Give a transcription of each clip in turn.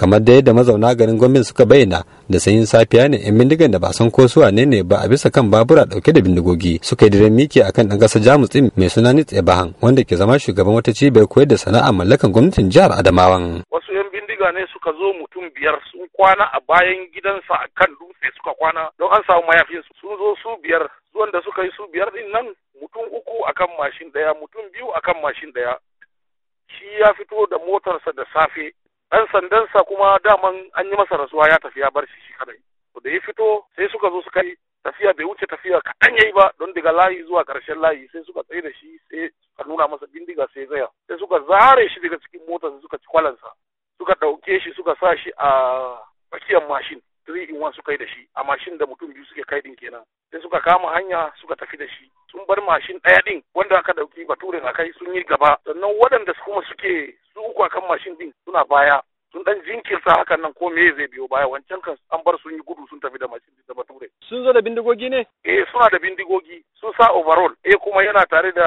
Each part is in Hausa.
kamar da yadda mazauna garin gwamnati suka bayyana da sanyin safiya ne yan bindigan da ba san ko suwa ne ne ba a bisa kan babura dauke da bindigogi suka yi diren miki akan dan kasa jamus din mai suna nitse bahan wanda ke zama shugaban wata cibiyar koyar da sana'a mallakan gwamnatin jihar adamawan wasu yan bindiga ne suka zo mutum biyar sun kwana a bayan gidansa akan dutse suka kwana don an samu mayafin su sun zo su biyar wanda suka yi su biyar din nan mutum uku akan mashin daya mutum biyu akan mashin daya shi ya fito da motarsa da safe ɗan sandansa kuma daman an yi masa rasuwa ya tafiya ya bar shi shi kadai to da ya fito sai suka zo su kai tafiya bai wuce tafiya kaɗan yayi ba don daga layi zuwa ƙarshen layi sai suka tsaye da shi sai suka nuna masa bindiga sai zaya, sai suka zare shi daga cikin motar suka ci kwalansa suka ɗauke shi suka sa shi a tsakiyar mashin three in one suka yi da shi a mashin da mutum biyu suke kai din kenan sai suka kama hanya suka tafi da shi sun bar mashin ɗaya din wanda aka dauki baturin akai sun yi gaba sannan waɗanda kuma suke su uku akan mashin din suna baya sun dan jinkirta hakan nan ko me zai biyo baya wancan kan an bar sun yi gudu sun tafi da mashin da bature sun zo da bindigogi ne eh suna da bindigogi sun sa overall eh kuma yana tare da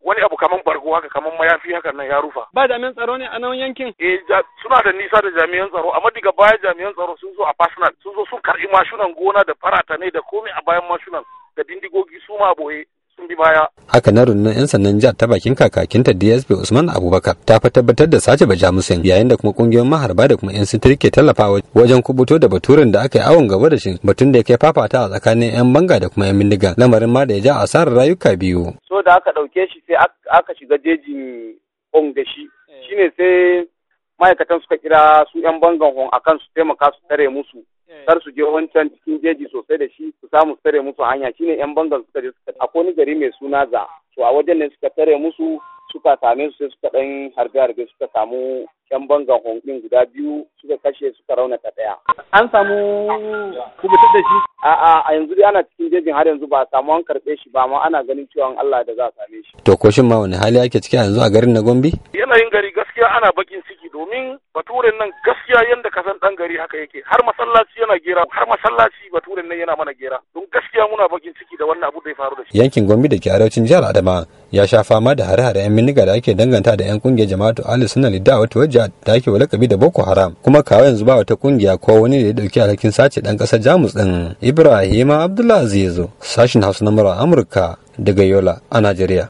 wani abu kaman ko haka kamar mayafi haka nan ya rufa ba jami'an tsaro ne a nan yankin eh suna da nisa da jami'an tsaro amma daga baya jami'an tsaro sun zo a personal sun zo sun karɓi mashunan gona da farata ne da komai a bayan mashunan da dindigogi su ma boye sun bi baya. Haka na rundunar 'yan sannan jihar ta bakin kakakinta DSP Usman Abubakar ta fa tabbatar da sace bajamusin yayin da kuma kungiyoyin maharba da kuma 'yan sintiri ke tallafawa wajen kubuto da baturen da aka yi awon gaba da shi batun da ya kai fafata a tsakanin 'yan banga da kuma 'yan bindiga lamarin ma da ya ja asarar rayuka biyu. So da aka ɗauke shi sai aka shiga jejin ongashi eh. shine sai ma'aikatan suka kira su 'yan bangan a akan su taimaka su tare musu Eh. kar su je wancan cikin jeji sosai da shi su samu tare musu hanya shine yan bangan suka je suka a koni gari mai suna za to a wajen ne suka tare musu suka same su sai suka dan harbe harbe suka samu yan bangan hongin guda biyu suka kashe suka raunata daya an samu kubutar da shi a a yanzu dai ana cikin jejin har yanzu ba a samu an karbe shi ba amma ana ganin cewa Allah da za a same shi to ko shin ma wani hali ake ciki yanzu a garin na Gombe yanayin gari gaskiya ana bakin ciki domin baturen nan gaskiya yadda ka san dan gari haka yake har masallaci yana gera har masallaci baturen nan yana mana gera don gaskiya muna bakin ciki da wannan abu da ya faru da shi yankin gombe da ke arewacin jihar adama ya sha fama da hare-hare yan miniga da ake danganta da yan kungiyar jama'atu ali suna lidda wata wajja da ake walakabi da boko haram kuma kawo yanzu ba wata kungiya ko wani da ya dauki alhakin sace dan kasar jamus din ibrahima zezo sashin hausa na amurka daga yola a najeriya